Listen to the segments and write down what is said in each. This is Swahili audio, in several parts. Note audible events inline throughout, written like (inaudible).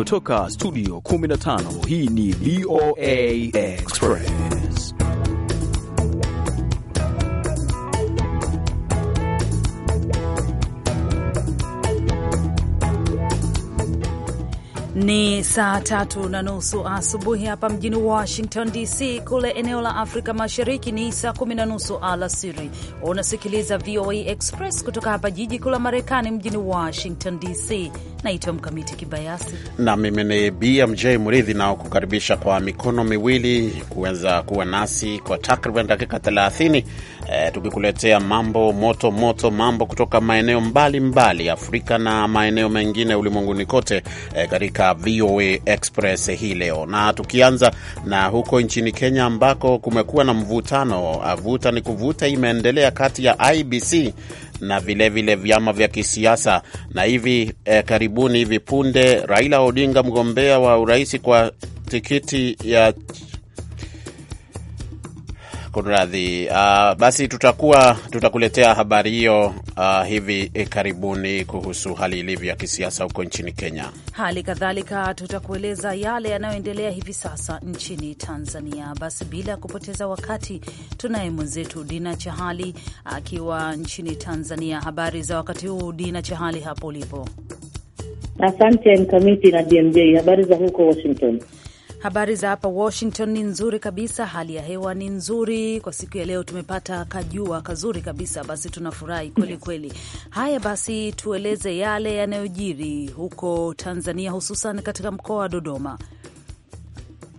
Kutoka studio 15 hii ni VOA Express. Ni saa tatu na nusu asubuhi hapa mjini Washington DC. Kule eneo la Afrika Mashariki ni saa kumi na nusu alasiri. Unasikiliza VOA Express kutoka hapa jiji kuu la Marekani, mjini Washington DC. Naitwa Mkamiti Kibayasi na mimi ni BMJ Mridhi, nao kukaribisha kwa mikono miwili kuweza kuwa nasi kwa takriban dakika 30 e, tukikuletea mambo moto moto, mambo kutoka maeneo mbalimbali mbali, Afrika na maeneo mengine ulimwenguni kote e, katika VOA Express hii leo, na tukianza na huko nchini Kenya ambako kumekuwa na mvutano, eh, vuta ni kuvuta imeendelea kati ya IBC na vilevile vile vyama vya kisiasa na hivi eh, karibuni hivi punde Raila Odinga mgombea wa urais kwa tikiti ya Kunradhi. Uh, ah, basi tutakuwa tutakuletea habari hiyo uh, hivi eh, karibuni kuhusu hali ilivyo ya kisiasa huko nchini Kenya. Hali kadhalika tutakueleza yale yanayoendelea hivi sasa nchini Tanzania. Basi bila kupoteza wakati, tunaye mwenzetu Dina Chahali akiwa nchini Tanzania. Habari za wakati huu, Dina Chahali, hapo ulipo? Asante Mkamiti na BMJ. Habari za huko Washington? Habari za hapa Washington ni nzuri kabisa, hali ya hewa ni nzuri kwa siku ya leo, tumepata kajua kazuri kabisa, basi tunafurahi kweli kweli. Haya basi, tueleze yale yanayojiri huko Tanzania, hususan katika mkoa wa Dodoma.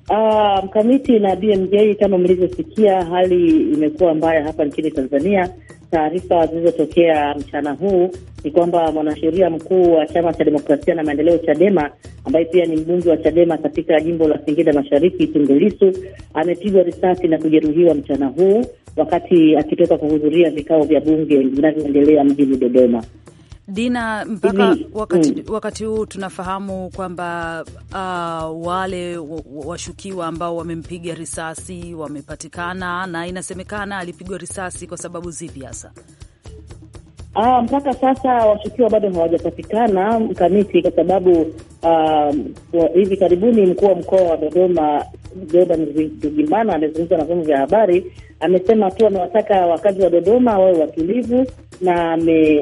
Ah, Mkamiti na BMJ, kama mlivyosikia, hali imekuwa mbaya hapa nchini Tanzania taarifa zilizotokea mchana huu ni kwamba mwanasheria mkuu wa chama cha demokrasia na maendeleo Chadema, ambaye pia ni mbunge wa Chadema katika jimbo la Singida Mashariki, Tundu Lissu amepigwa risasi na kujeruhiwa mchana huu wakati akitoka kuhudhuria vikao vya bunge vinavyoendelea mjini Dodoma. Dina, mpaka mm. wakati huu wakati tunafahamu kwamba uh, wale washukiwa ambao wamempiga risasi wamepatikana, na inasemekana alipigwa risasi kwa sababu zipi hasa? Uh, mpaka sasa washukiwa bado hawajapatikana mkamiti, kwa sababu um, hivi karibuni mkuu wa mkoa wa Dodoma Deodan Vitugimbana amezungumza na vyombo vya habari, amesema tu amewataka wakazi wa Dodoma wawe watulivu na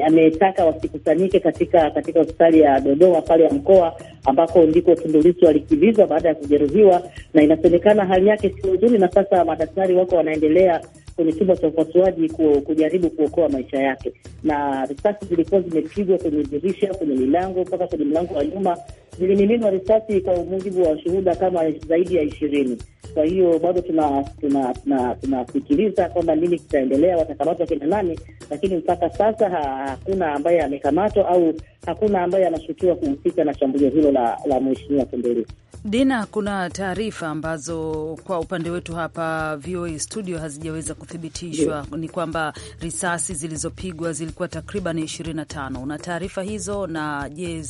ametaka wasikusanyike katika katika hospitali ya Dodoma pale ya mkoa ambako ndiko Tundu Lissu alikimbizwa baada ya kujeruhiwa, na inasemekana hali yake sio nzuri, na sasa madaktari wako wanaendelea kwenye chumba cha upasuaji kujaribu kuokoa maisha yake, na risasi zilikuwa zimepigwa kwenye dirisha, kwenye milango, mpaka kwenye mlango wa nyuma zilimiminwa risasi kwa mujibu wa shuhuda kama zaidi ya ishirini. Kwa hiyo bado tunasikiliza tuna, tuna, tuna kwamba nini kitaendelea, watakamatwa kina nani, lakini mpaka sasa hakuna ambaye amekamatwa au hakuna ambaye anashukiwa kuhusika na shambulio hilo la, la mheshimiwa Tembele. Dina, kuna taarifa ambazo kwa upande wetu hapa VOA studio hazijaweza kuthibitishwa yeah. Ni kwamba risasi zilizopigwa zilikuwa takriban tano. Una taarifa hizo na je,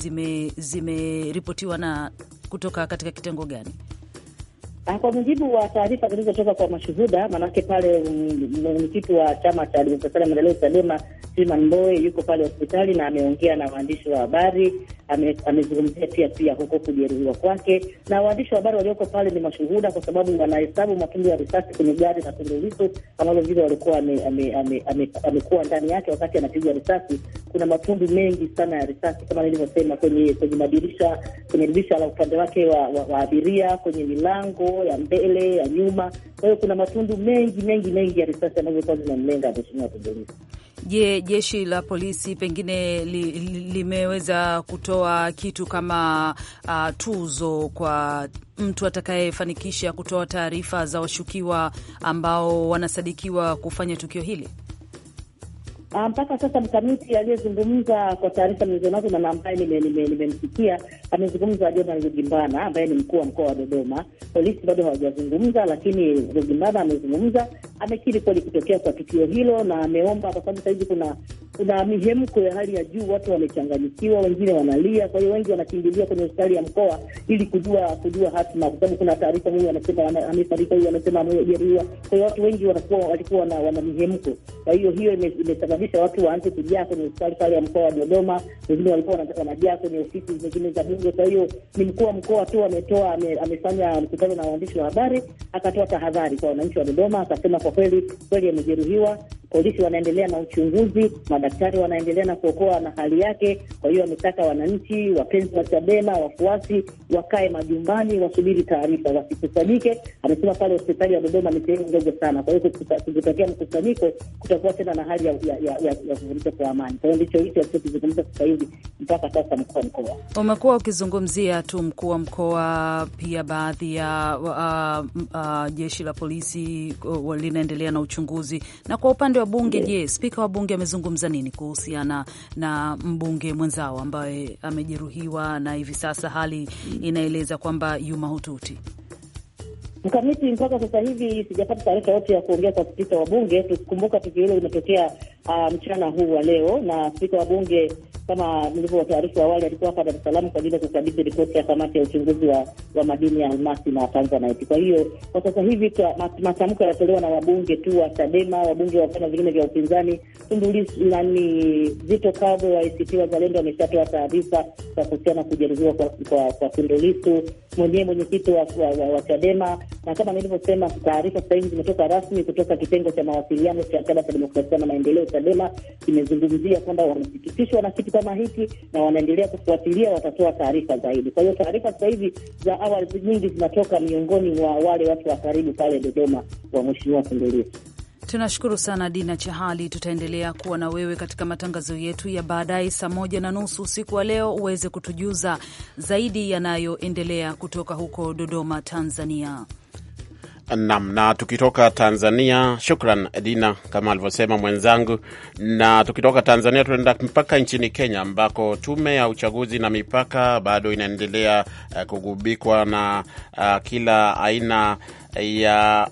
zimeripotiwa zime na kutoka katika kitengo gani? Ah, kwa mujibu wa taarifa zilizotoka kwa mashuhuda, manake pale mwenyekiti wa chama cha demokrasia na maendeleo Chadema Freeman Mbowe yuko pale hospitali na ameongea na waandishi wa habari, amezungumzia pia pia huko kujeruhiwa kwake, na waandishi wa habari walioko pale ni mashuhuda, kwa sababu wanahesabu matundu ya risasi kwenye gari na tundu lisu ambalo vile walikuwa amekuwa ndani yake wakati anapigwa risasi, kuna matundu mengi sana ya risasi kama nilivyosema, kwenye kwenye madirisha, kwenye dirisha la upande wake wa, wa, wa abiria, kwenye milango ya mbele ya nyuma. Kwa hiyo kuna matundu mengi mengi mengi ya risasi ambazo ambazokuwa zinamlenga mheshimiwa Tundulisu. Je, jeshi la polisi pengine li, li, limeweza kutoa kitu kama uh, tuzo kwa mtu atakayefanikisha kutoa taarifa za washukiwa ambao wanasadikiwa kufanya tukio hili? Ah, mpaka sasa mkamiti aliyezungumza kwa taarifa nilizonazo na ambaye nimemsikia amezungumza Jonan Rugimbana ambaye ni mkuu wa mkoa wa Dodoma. Polisi bado hawajazungumza, lakini Rugimbana amezungumza, amekiri kweli kutokea kwa tukio hilo na ameomba, kwa sababu sahizi kuna kuna mihemko ya hali ya juu, watu wamechanganyikiwa, wengine wanalia. Kwa hiyo wengi wanakimbilia kwenye hospitali ya mkoa ili kujua kujua hatima, kwa sababu kuna taarifa, huyu anasema amefarika, huyu anasema amejeruhiwa. Kwa hiyo watu wengi wanakuwa walikuwa wana, wana mihemko. Kwa hiyo hiyo imesababisha ime watu waanze kujaa kwenye hospitali pale ya mkoa wa Dodoma, wengine walikuwa wanataka wanajaa kwenye ofisi zingine za Bunge. Kwa hiyo ni mkuu wa mkoa tu ametoa ame, amefanya mkutano na waandishi wa habari, akatoa tahadhari kwa wananchi wa Dodoma, akasema kwa kweli kweli amejeruhiwa, polisi wanaendelea na uchunguzi mada madaktari wanaendelea na kuokoa na hali yake. Kwa hiyo wametaka wananchi, wapenzi wa Chadema, wafuasi wakae majumbani, wasubiri taarifa, wasikusanyike. Amesema pale hospitali ya Dodoma ni sehemu ndogo sana, kwa hiyo kutokea mkusanyiko kutakuwa tena na hali ya kuvurika kwa amani. Kwa hiyo ndicho hicho alichokizungumza sasa hivi mpaka sasa. Mkuu wa mkoa umekuwa ukizungumzia tu, mkuu wa mkoa pia baadhi ya uh, uh, jeshi la polisi uh, linaendelea na uchunguzi, na kwa upande wa bunge, je, yes. Spika wa bunge amezungumza nini kuhusiana na mbunge mwenzao ambaye amejeruhiwa na hivi sasa hali inaeleza kwamba yu mahututi? Mkamiti, mpaka sasa hivi sijapata taarifa yote ya kuongea kwa spika wa bunge. Tukikumbuka tukio hilo limetokea uh, mchana huu wa leo, na spika wa bunge kama nilivyowataarifu awali, alikuwa hapa Dar es Salaam kwa ajili ya kukabidhi ripoti ya kamati ya uchunguzi wa, wa madini ya almasi na tanzanite. Kwa hiyo kwa sasa hivi matamko yanatolewa na wabunge tu wa Chadema, wabunge wa vyama vingine vya upinzani. Tundu Lissu nani, Zitto Kabwe wa ACT Wazalendo ameshatoa taarifa za kuhusiana kujeruhiwa kwa, kwa, kwa Tundu Lissu mwenyewe mwenyekiti wa, wa, wa, wa Chadema, na kama nilivyosema, taarifa sasa hivi zimetoka rasmi kutoka kitengo cha mawasiliano cha Chama cha Demokrasia na Maendeleo Chadema kimezungumzia kwamba wamesikitishwa na kitu kama hiki na wanaendelea kufuatilia, watatoa taarifa zaidi. Kwa hiyo taarifa sasa hivi za awali nyingi zinatoka miongoni mwa wale watu wa karibu pale Dodoma wa Mheshimiwa Tundulisu. Tunashukuru sana Dina Chahali. Tutaendelea kuwa na wewe katika matangazo yetu ya baadaye saa moja na nusu usiku wa leo, uweze kutujuza zaidi yanayoendelea kutoka huko Dodoma, Tanzania. Nam, na tukitoka Tanzania, shukran dina kama alivyosema mwenzangu. Na tukitoka Tanzania tunaenda mpaka nchini Kenya, ambako tume ya uchaguzi na mipaka bado inaendelea uh, kugubikwa na uh, kila aina ya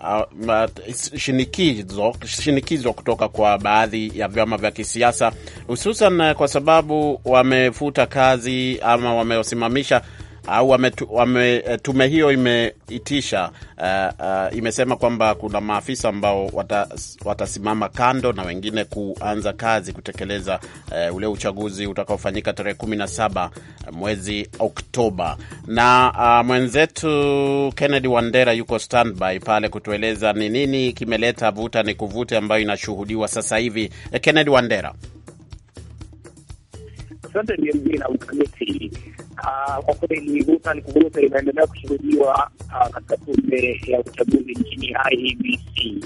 uh, shinikizo kutoka kwa baadhi ya vyama vya kisiasa, hususan kwa sababu wamefuta kazi ama wamesimamisha au eh, tume hiyo imeitisha uh, uh, imesema kwamba kuna maafisa ambao watasimama watasimama kando na wengine kuanza kazi kutekeleza uh, ule uchaguzi utakaofanyika tarehe 17 mwezi Oktoba. Na uh, mwenzetu Kennedy Wandera yuko standby pale kutueleza ni nini kimeleta vuta ni kuvute ambayo inashuhudiwa sasa hivi. Kennedy Wandera. Asante BMJ na mkamiti. Ah, kwa kweli vuta ni kuvuta inaendelea kushuhudiwa ah, katika tume ya uchaguzi nchini IEBC.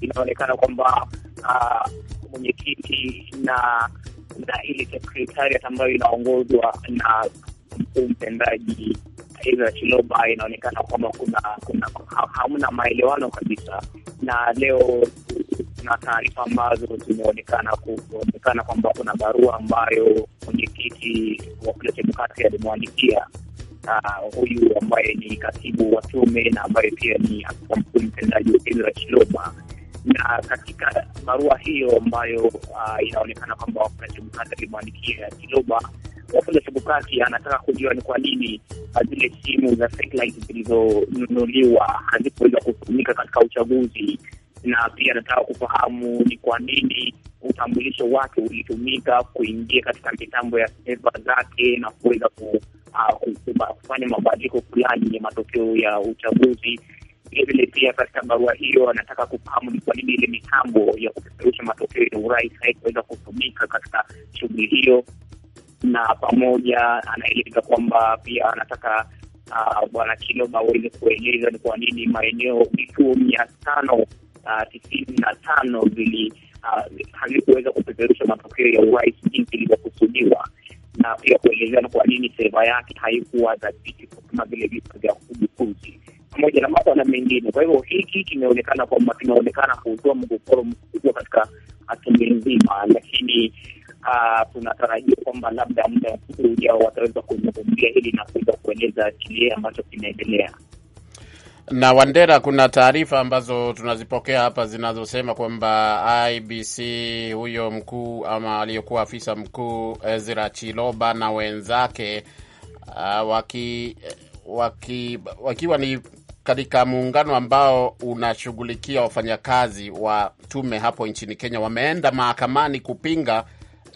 Inaonekana kwamba ah, mwenyekiti na na ile sekretariat ambayo inaongozwa na mkuu mtendaji Ezra Chiloba inaonekana kwamba kuna kuna hamna maelewano kabisa, na leo kuna taarifa ambazo zimeonekana kuonekana kwamba kuna barua ambayo mwenyekiti wa kule Chebukati alimwandikia huyu uh, ambaye ni katibu wa tume na ambaye pia ni afisa mkuu mtendaji Ezra Chiloma. Na katika barua hiyo ambayo uh, inaonekana kwamba Wafula Chebukati alimwandikia Chiloba, Wafula Chebukati anataka kujua ni kwa nini zile simu za satellite zilizonunuliwa hazikuweza kutumika katika uchaguzi na pia anataka kufahamu ni kwa nini utambulisho wake ulitumika kuingia katika mitambo ya seva zake na kuweza ku, uh, kufanya mabadiliko fulani ya matokeo ya uchaguzi. Vilevile pia katika barua hiyo anataka kufahamu ni kwa nini ile mitambo ya kupeperusha matokeo ya urais haikuweza kutumika katika shughuli hiyo, na pamoja anaeleza kwamba pia anataka uh, bwana Chiloba aweze kueleza ni kwa nini maeneo vituo mia tano Uh, tisini na tano uh, havikuweza kupeperusha matokeo ya urais jinsi ilivyokusudiwa, na pia kuelezana kwa nini seva yake haikuwa dhabiti kama vile visa vya udukuzi pamoja na maswala mengine. Kwa hivyo hiki kimeonekana kwamba kimeonekana kutoa mgogoro mkubwa katika tume nzima, lakini uh, tunatarajia kwamba labda muda mfupi ujao wataweza kuzungumzia hili na kuweza kueleza kile ambacho kinaendelea. Na Wandera, kuna taarifa ambazo tunazipokea hapa zinazosema kwamba IBC huyo mkuu ama aliyekuwa afisa mkuu Ezra Chiloba na wenzake uh, waki, waki, wakiwa ni katika muungano ambao unashughulikia wafanyakazi wa tume hapo nchini Kenya wameenda mahakamani kupinga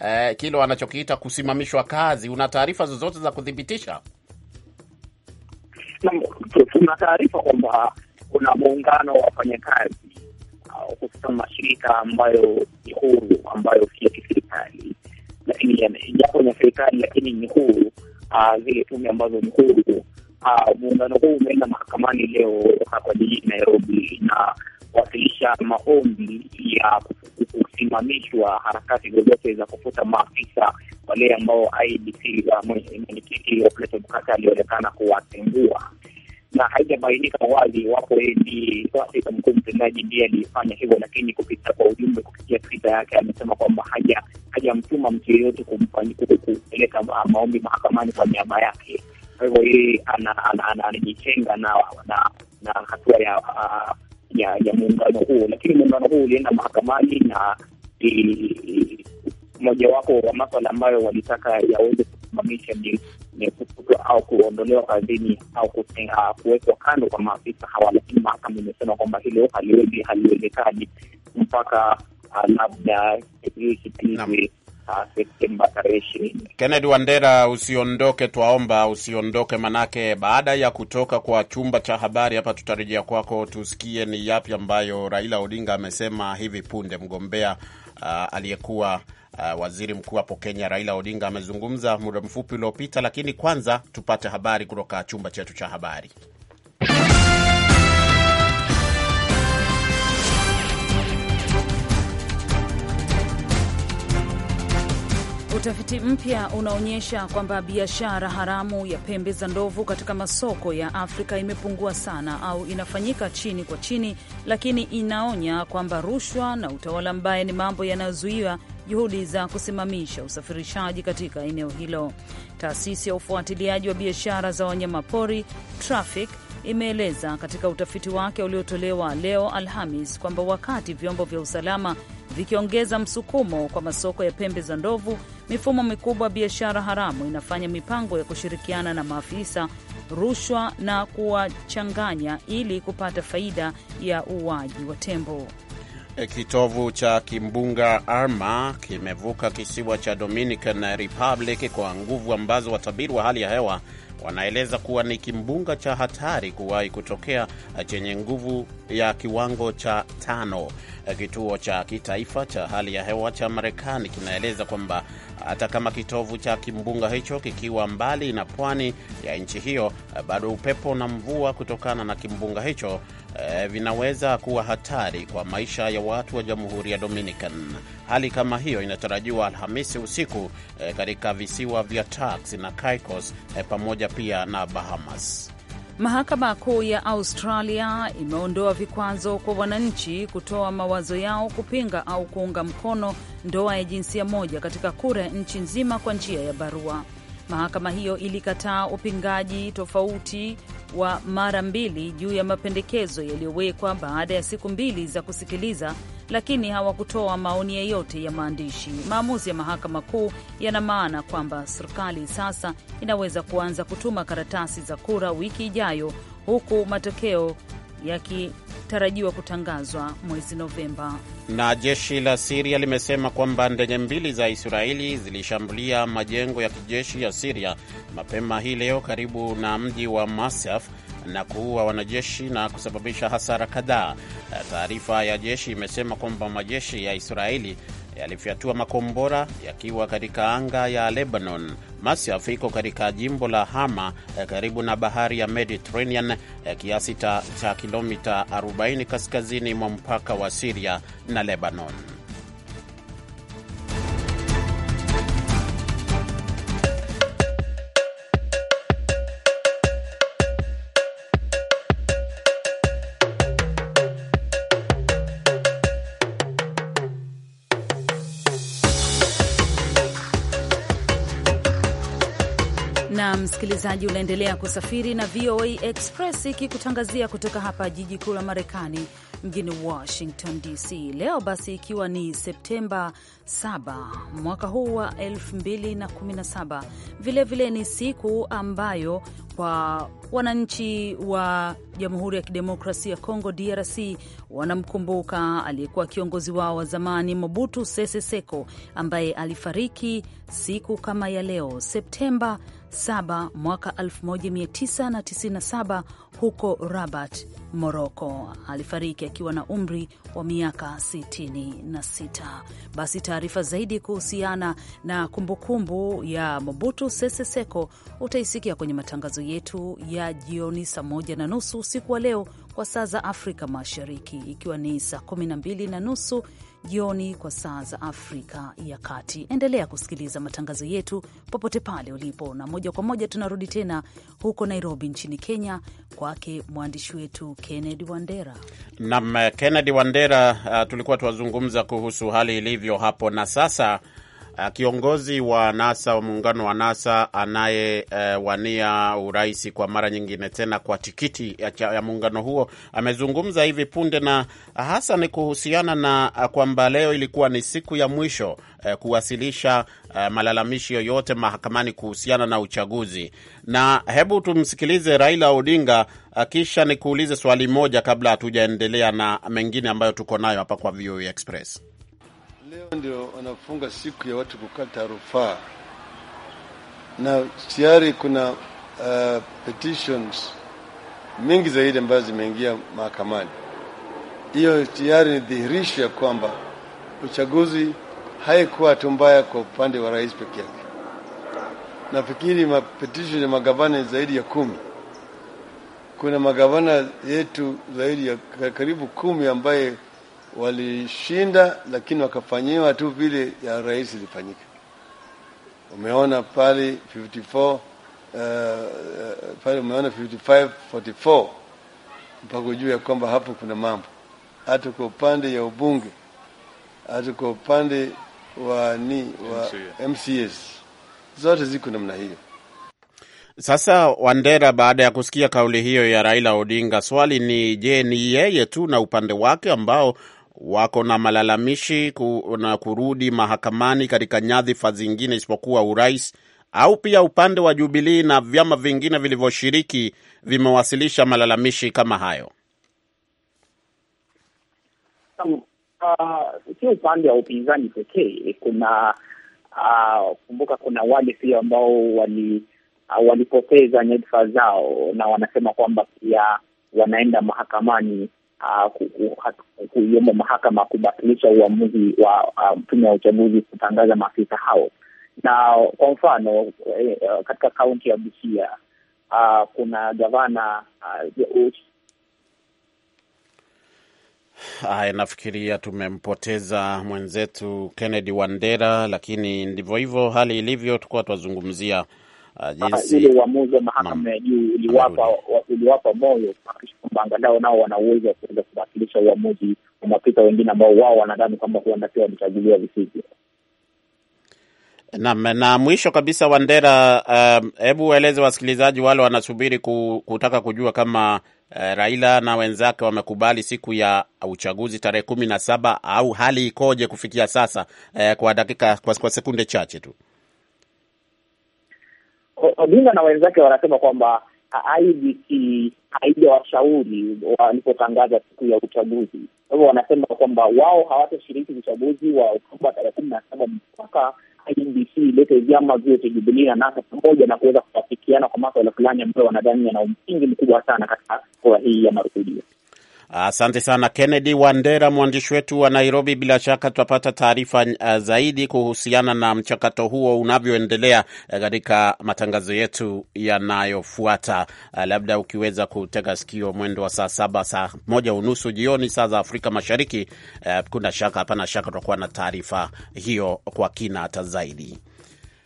uh, kile wanachokiita kusimamishwa kazi. Una taarifa zozote za kuthibitisha? tuna taarifa kwamba kuna muungano wa wafanyakazi ah, hususan mashirika ambayo ni huru, ambayo si ya kiserikali, lakini japo ni ya serikali, lakini ni huru, ah, zile tume ambazo ni huru. Ah, muungano huu umeenda mahakamani leo hapa jijini Nairobi na kuwasilisha maombi ya kusimamishwa harakati zozote za kufuta maafisa wale ambao IDP mwenyekiti Waflete Bukata alionekana kuwatengua na haijabainika wazi iwapo ni afisa mkuu mtendaji ndiye aliyefanya hivyo, lakini kupita kwa ujumbe kupitia Twitter yake amesema kwamba haja hajamtuma mtu yeyote kupeleka ah, maombi mahakamani kwa niaba yake. Kwa hivyo yeye anajitenga na na hatua ah, ya ya muungano huo, lakini muungano huo ulienda mahakamani na mojawapo wa maswala ambayo walitaka yaweze kusimamisha ni, ni kufutwa au kuondolewa kazini au kuwekwa kando kwa maafisa hawa, lakini mahakama imesema kwamba hilo haliwezi haliwezekani mpaka ah, labda kipiwe ah, Septemba Kennedy Wandera, usiondoke, twaomba usiondoke, manake baada ya kutoka kwa chumba cha habari hapa tutarejea kwako tusikie ni yapi ambayo Raila Odinga amesema hivi punde, mgombea uh, aliyekuwa uh, waziri mkuu hapo Kenya Raila Odinga amezungumza muda mfupi uliopita, lakini kwanza tupate habari kutoka chumba chetu cha habari. Utafiti mpya unaonyesha kwamba biashara haramu ya pembe za ndovu katika masoko ya Afrika imepungua sana au inafanyika chini kwa chini, lakini inaonya kwamba rushwa na utawala mbaya ni mambo yanayozuiwa juhudi za kusimamisha usafirishaji katika eneo hilo. Taasisi ya ufuatiliaji wa biashara za wanyamapori Traffic imeeleza katika utafiti wake uliotolewa leo Alhamis kwamba wakati vyombo vya usalama vikiongeza msukumo kwa masoko ya pembe za ndovu. Mifumo mikubwa ya biashara haramu inafanya mipango ya kushirikiana na maafisa, rushwa na kuwachanganya ili kupata faida ya uuaji wa tembo. E, kitovu cha kimbunga Irma kimevuka kisiwa cha Dominican Republic kwa nguvu ambazo watabiri wa hali ya hewa wanaeleza kuwa ni kimbunga cha hatari kuwahi kutokea chenye nguvu ya kiwango cha tano. Kituo cha kitaifa cha hali ya hewa cha Marekani kinaeleza kwamba hata kama kitovu cha kimbunga hicho kikiwa mbali na pwani ya nchi hiyo, bado upepo na mvua kutokana na kimbunga hicho eh, vinaweza kuwa hatari kwa maisha ya watu wa Jamhuri ya Dominican. Hali kama hiyo inatarajiwa Alhamisi usiku eh, katika visiwa vya Turks na Caicos eh, pamoja pia na Bahamas. Mahakama Kuu ya Australia imeondoa vikwazo kwa wananchi kutoa mawazo yao kupinga au kuunga mkono ndoa ya jinsia moja katika kura ya nchi nzima kwa njia ya barua. Mahakama hiyo ilikataa upingaji tofauti wa mara mbili juu ya mapendekezo yaliyowekwa baada ya siku mbili za kusikiliza, lakini hawakutoa maoni yeyote ya maandishi. Maamuzi ya mahakama kuu yana maana kwamba serikali sasa inaweza kuanza kutuma karatasi za kura wiki ijayo, huku matokeo yaki yanatarajiwa kutangazwa mwezi Novemba. Na jeshi la Siria limesema kwamba ndege mbili za Israeli zilishambulia majengo ya kijeshi ya Siria mapema hii leo karibu na mji wa Masaf na kuua wanajeshi na kusababisha hasara kadhaa. Taarifa ya jeshi imesema kwamba majeshi ya Israeli yalifyatua makombora yakiwa katika anga ya Lebanon. Masyaf iko katika jimbo la Hama eh, karibu na bahari ya Mediterranean, eh, kiasi cha kilomita 40 kaskazini mwa mpaka wa Siria na Lebanon. msikilizaji, unaendelea kusafiri na VOA Express ikikutangazia kutoka hapa jiji kuu la Marekani, mjini Washington DC. Leo basi, ikiwa ni Septemba 7 mwaka huu wa 2017, vilevile ni siku ambayo kwa wananchi wa Jamhuri ya Kidemokrasia ya Kongo, DRC, wanamkumbuka aliyekuwa kiongozi wao wa zamani Mobutu Sese Seko ambaye alifariki siku kama ya leo Septemba 7 mwaka 1997 huko Rabat, Moroko. Alifariki akiwa na umri wa miaka 66. Basi taarifa zaidi kuhusiana na kumbukumbu ya Mobutu Sese Seko utaisikia kwenye matangazo yetu ya jioni saa moja na nusu usiku wa leo kwa saa za Afrika Mashariki, ikiwa ni saa kumi na mbili na nusu jioni kwa saa za Afrika ya Kati. Endelea kusikiliza matangazo yetu popote pale ulipo, na moja kwa moja tunarudi tena huko Nairobi nchini Kenya, kwake mwandishi wetu Kennedy Wandera. Naam, Kennedy Wandera, uh, tulikuwa tuwazungumza kuhusu hali ilivyo hapo na sasa Uh, kiongozi wa NASA, wa muungano wa NASA anayewania uh, urais kwa mara nyingine tena kwa tikiti ya muungano huo amezungumza hivi punde, na hasa ni kuhusiana na uh, kwamba leo ilikuwa ni siku ya mwisho uh, kuwasilisha uh, malalamishi yoyote mahakamani kuhusiana na uchaguzi. Na hebu tumsikilize Raila Odinga, uh, kisha nikuulize swali moja kabla hatujaendelea na mengine ambayo tuko nayo hapa kwa VOA Express. Ndio wanafunga siku ya watu kukata rufaa, na tayari kuna uh, petitions mingi zaidi ambazo zimeingia mahakamani. Hiyo tayari ni dhihirisho ya kwamba uchaguzi haikuwa tu mbaya kwa upande wa rais peke yake. Nafikiri mapetisho ya magavana zaidi ya kumi. Kuna magavana yetu zaidi ya karibu kumi ambaye walishinda, lakini wakafanyiwa tu vile ya rais ilifanyika. Umeona pale 54 uh, uh, pale umeona 55 44 mpaka juu ya kwamba hapo kuna mambo, hata kwa upande ya ubunge, hata kwa upande wa ni wa MCS zote ziko namna hiyo. Sasa Wandera, baada ya kusikia kauli hiyo ya Raila Odinga, swali ni je, ni yeye tu na upande wake ambao wako na malalamishi ku, na kurudi mahakamani katika nyadhifa zingine isipokuwa urais au pia upande wa Jubilii na vyama vingine vilivyoshiriki vimewasilisha malalamishi kama hayo? Um, uh, sio uh, upande wa upinzani pekee. Kuna uh, kumbuka, kuna wale pia ambao wali uh, walipoteza nyadhifa zao na wanasema kwamba pia wanaenda mahakamani Ah, kuiomba mahakama kubatilisha uamuzi wa ah, tume ya uchaguzi kutangaza maafisa hao. Na kwa mfano e, katika kaunti ya Busia ah, kuna gavana uh, Haya, nafikiria tumempoteza mwenzetu Kennedy Wandera, lakini ndivyo hivyo hali ilivyo. Tukuwa twazungumzia Ah, ah, jinsi ile uamuzi wa mahakama ya juu uliwapa uliwapa moyo kuhakikisha kwamba angalau nao wana uwezo wa kuweza kuwakilisha uamuzi wa maafisa wengine ambao wao wanadhani kwamba huandakiwa walichaguliwa visivyo. Naam, na mwisho kabisa, Wandera, um, hebu uh, waeleze wasikilizaji wale wanasubiri ku, kutaka kujua kama uh, Raila na wenzake wamekubali siku ya uchaguzi tarehe kumi na saba au hali ikoje kufikia sasa, uh, kwa dakika kwa, kwa sekunde chache tu. Odinga na wenzake wanasema kwamba IEBC haijawashauri walipotangaza siku ya uchaguzi. Kwa hivyo wanasema kwamba wao hawatashiriki uchaguzi wa Oktoba tarehe kumi na saba mpaka ibc ilete vyama vyote jubilii na NASA pamoja na kuweza kuafikiana kwa maswala fulani ambayo wanadhani yana msingi mkubwa sana katika kura hii ya marudio. Asante sana Kennedy Wandera, mwandishi wetu wa Nairobi. Bila shaka tutapata taarifa uh, zaidi kuhusiana na mchakato huo unavyoendelea uh, katika matangazo yetu yanayofuata. Uh, labda ukiweza kutega sikio mwendo wa saa saba, saa moja unusu jioni, saa za Afrika Mashariki, kuna shaka, hapana shaka tutakuwa na taarifa hiyo kwa kina hata zaidi.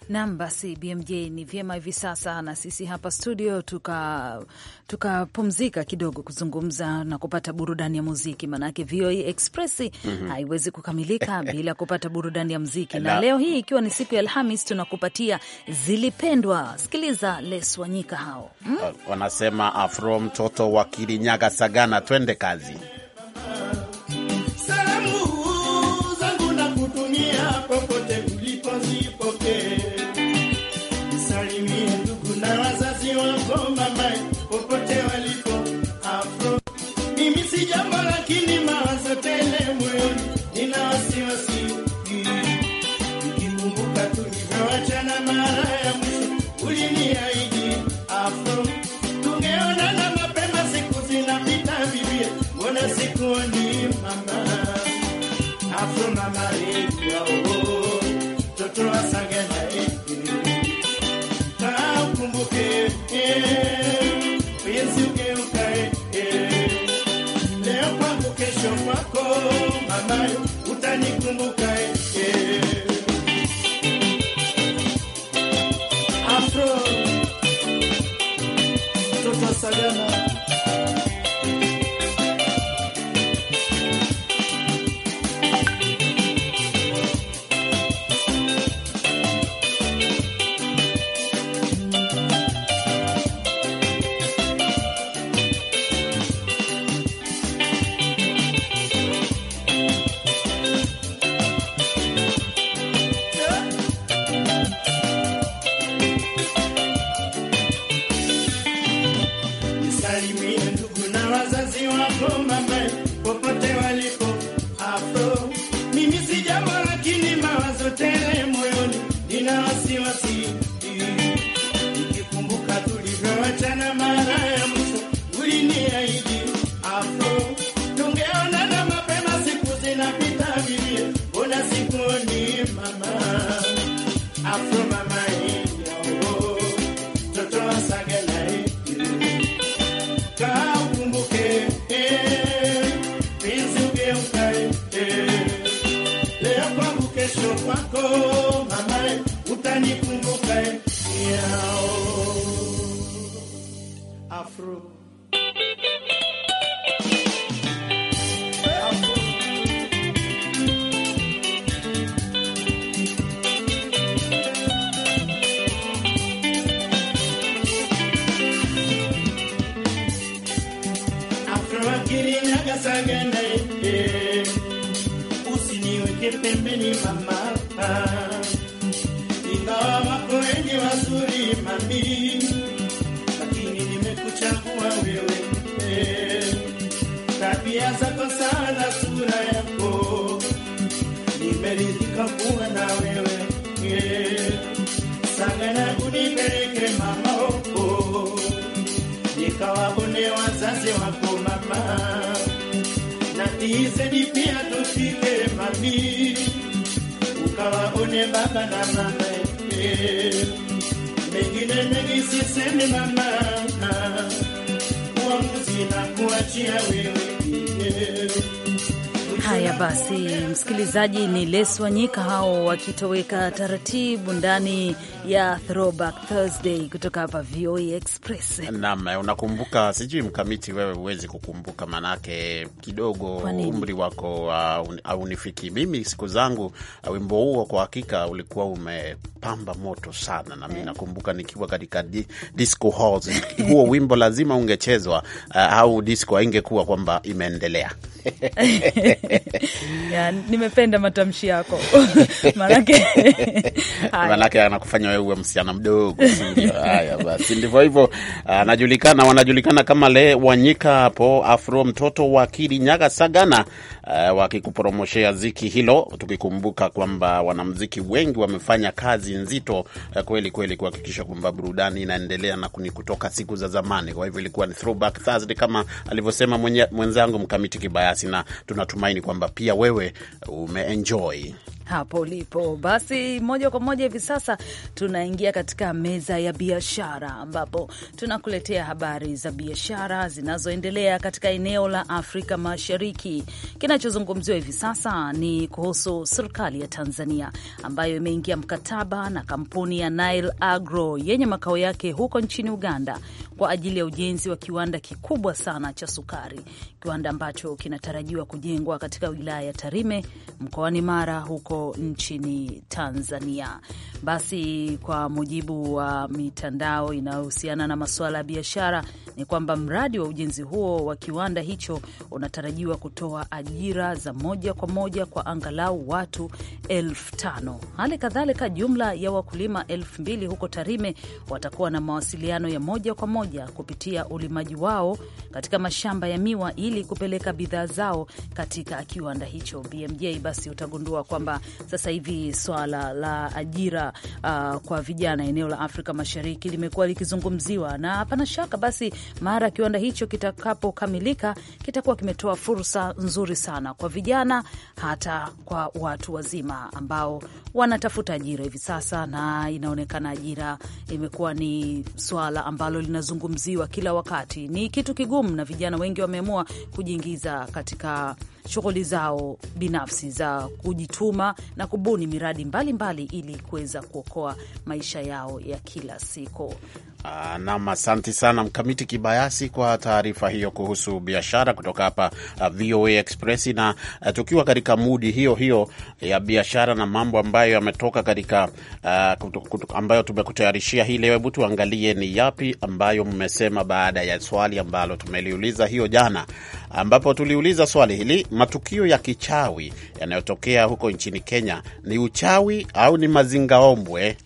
Nam, basi BMJ, ni vyema hivi sasa na sisi hapa studio tukapumzika tuka kidogo kuzungumza na kupata burudani ya muziki, maanake VOA e Express mm -hmm. haiwezi kukamilika (laughs) bila kupata burudani ya muziki na, na leo hii ikiwa ni siku ya Alhamis tunakupatia zilipendwa. Sikiliza Les Wanyika hao mm? wanasema afro mtoto wa Kirinyaga Sagana, twende kazi through na tisedi pia tufike mami, ukawaone baba na mama mengine mengi siseme mama, uamuzi na kuachia wewe Haya basi, msikilizaji, ni Les Wanyika hao wakitoweka taratibu ndani ya Throwback Thursday kutoka hapa VOA e Express. Naam, unakumbuka, sijui mkamiti, wewe huwezi kukumbuka manake kidogo umri wako uh, haunifiki. Uh, mimi siku zangu uh, wimbo huo kwa hakika ulikuwa umepamba moto sana, na mi eh. nakumbuka nikiwa katika di, disco halls huo (laughs) wimbo lazima ungechezwa, uh, au disco haingekuwa kwamba imeendelea (laughs) (laughs) ya, nimependa matamshi yako (laughs) manake (laughs) manake anakufanya wewe uwe msichana mdogo. Haya basi, ndivyo hivyo, anajulikana wanajulikana kama Le Wanyika hapo Afro, mtoto wa Kirinyaga Sagana, uh, wakikupromoshea ziki hilo, tukikumbuka kwamba wanamziki wengi wamefanya kazi nzito uh, kweli kweli kuhakikisha kwamba burudani inaendelea na kuni kutoka siku za zamani. Kwa hivyo ilikuwa ni Throwback Thursday kama alivyosema mwenzangu Mkamiti Kibayasi, na tunatumaini kwamba pia wewe umeenjoy hapo ulipo. Basi moja kwa moja hivi sasa tunaingia katika meza ya biashara, ambapo tunakuletea habari za biashara zinazoendelea katika eneo la Afrika Mashariki. Kinachozungumziwa hivi sasa ni kuhusu serikali ya Tanzania ambayo imeingia mkataba na kampuni ya Nile Agro yenye makao yake huko nchini Uganda kwa ajili ya ujenzi wa kiwanda kikubwa sana cha sukari, kiwanda ambacho kinatarajiwa kujengwa katika wilaya ya Tarime mkoani Mara huko huko nchini Tanzania. Basi kwa mujibu wa mitandao inayohusiana na masuala ya biashara ni kwamba mradi wa ujenzi huo wa kiwanda hicho unatarajiwa kutoa ajira za moja kwa moja kwa angalau watu elfu tano. Hali kadhalika jumla ya wakulima elfu mbili huko Tarime watakuwa na mawasiliano ya moja kwa moja kupitia ulimaji wao katika mashamba ya miwa ili kupeleka bidhaa zao katika kiwanda hicho. BMJ, basi utagundua kwamba sasa hivi swala la ajira uh, kwa vijana eneo la Afrika Mashariki limekuwa likizungumziwa, na hapana shaka basi mara kiwanda hicho kitakapokamilika kitakuwa kimetoa fursa nzuri sana kwa vijana, hata kwa watu wazima ambao wanatafuta ajira hivi sasa, na inaonekana ajira imekuwa ni swala ambalo linazungumziwa kila wakati. Ni kitu kigumu, na vijana wengi wameamua kujiingiza katika shughuli zao binafsi za kujituma na kubuni miradi mbalimbali mbali ili kuweza kuokoa maisha yao ya kila siku. Ah, nam, asante sana Mkamiti Kibayasi kwa taarifa hiyo kuhusu biashara kutoka hapa ah, VOA Express. Na ah, tukiwa katika mudi hiyo hiyo ya biashara na mambo ambayo yametoka katika uh, ambayo tumekutayarishia hii leo, hebu tuangalie ni yapi ambayo mmesema baada ya swali ambalo tumeliuliza hiyo jana, ambapo tuliuliza swali hili: matukio ya kichawi yanayotokea huko nchini Kenya ni uchawi au ni mazingaombwe?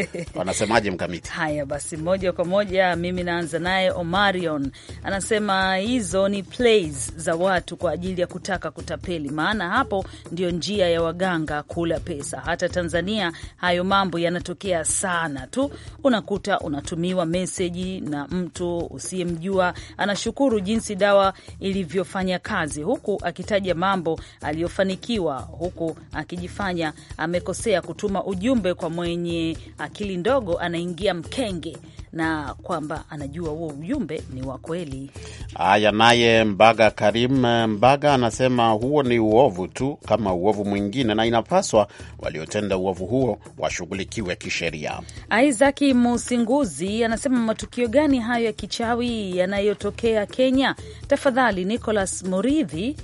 (laughs) Wanasemaje Mkamiti? Haya basi moja kwa moja. Mimi naanza naye Omarion, anasema hizo ni plays za watu kwa ajili ya kutaka kutapeli, maana hapo ndio njia ya waganga kula pesa. Hata Tanzania hayo mambo yanatokea sana tu, unakuta unatumiwa meseji na mtu usiyemjua, anashukuru jinsi dawa ilivyofanya kazi, huku akitaja mambo aliyofanikiwa, huku akijifanya amekosea kutuma ujumbe kwa mwenye akili ndogo, anaingia mkenge na kwamba anajua huo ujumbe ni wa kweli. Haya, naye Mbaga Karim Mbaga anasema huo ni uovu tu kama uovu mwingine, na inapaswa waliotenda uovu huo washughulikiwe kisheria. Isaki Musinguzi anasema matukio gani hayo ya kichawi yanayotokea Kenya? Tafadhali Nicolas Muridhi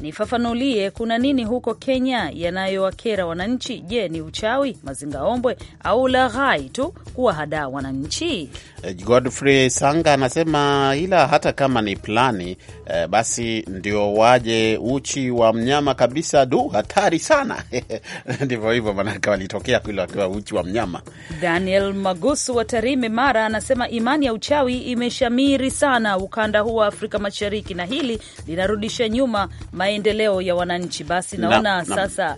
nifafanulie, kuna nini huko Kenya yanayowakera wananchi? Je, ni uchawi, mazingaombwe au laghai tu hada wananchi? Eh, Godfrey Sanga anasema ila hata kama ni plani eh, basi ndio waje uchi wa mnyama kabisa. Du, hatari sana (laughs) ndivyo hivyo, manake walitokea kule wakiwa uchi wa mnyama. Daniel Magusu wa Tarime, Mara, anasema imani ya uchawi imeshamiri sana ukanda huu wa Afrika Mashariki na hili linarudisha nyuma ma maendeleo ya wananchi. Basi naona na, sasa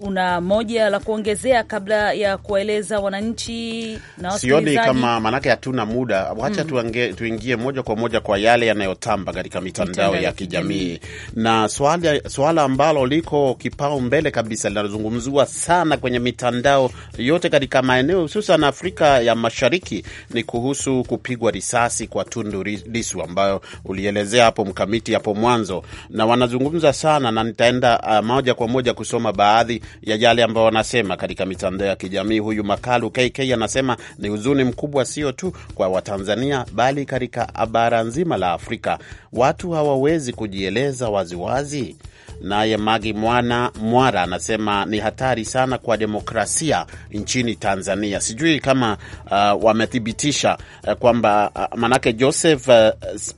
una moja la kuongezea kabla ya kuwaeleza wananchi na sioni kama maanake hatuna muda, wacha mm, tuingie moja kwa moja kwa yale yanayotamba katika mitandao ya kijamii na swala, swala ambalo liko kipao mbele kabisa linalozungumziwa sana kwenye mitandao yote katika maeneo hususan Afrika ya Mashariki ni kuhusu kupigwa risasi kwa Tundu Lissu ambayo ulielezea hapo mkamiti hapo mwanzo, na wanazungumza tutazungumza sana na nitaenda uh, moja kwa moja kusoma baadhi ya yale ambayo wanasema katika mitandao ya kijamii. Huyu Makalu KK anasema ni huzuni mkubwa, sio tu kwa Watanzania bali katika bara nzima la Afrika. Watu hawawezi kujieleza waziwazi wazi. Naye Magi Mwana Mwara anasema ni hatari sana kwa demokrasia nchini Tanzania. Sijui kama uh, wamethibitisha uh, kwamba uh, manake Joseph uh,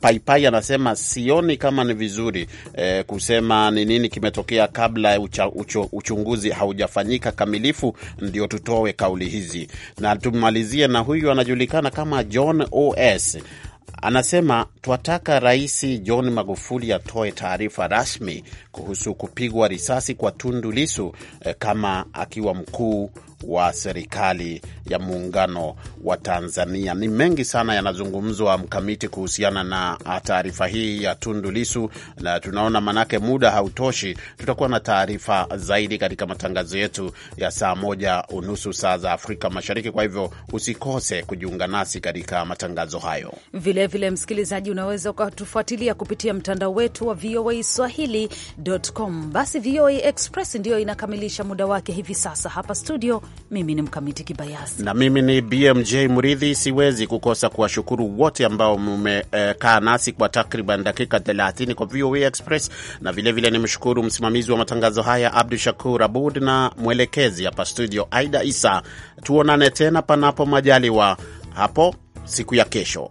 Paipai anasema sioni kama ni vizuri uh, kusema ni nini kimetokea kabla ucha, ucho, uchunguzi haujafanyika kamilifu, ndio tutoe kauli hizi. Na tumalizie na huyu anajulikana kama John OS anasema twataka Rais John Magufuli atoe taarifa rasmi kuhusu kupigwa risasi kwa Tundu Lisu eh, kama akiwa mkuu wa serikali ya muungano wa Tanzania. Ni mengi sana yanazungumzwa mkamiti kuhusiana na taarifa hii ya Tundu Lisu, na tunaona manake muda hautoshi. Tutakuwa na taarifa zaidi katika matangazo yetu ya saa moja unusu saa za Afrika Mashariki. Kwa hivyo usikose kujiunga nasi katika matangazo hayo. Vilevile vile, msikilizaji, unaweza ukatufuatilia kupitia mtandao wetu wa VOA Swahili.com. Basi VOA Express ndiyo inakamilisha muda wake hivi sasa hapa studio mimi ni Mkamiti Kibayasi na mimi ni BMJ Mridhi. Siwezi kukosa kuwashukuru wote ambao mmekaa e, nasi kwa takriban dakika 30 kwa VOA Express, na vilevile nimshukuru msimamizi wa matangazo haya Abdu Shakur Abud na mwelekezi hapa studio Aida Isa. Tuonane tena panapo majaliwa hapo siku ya kesho.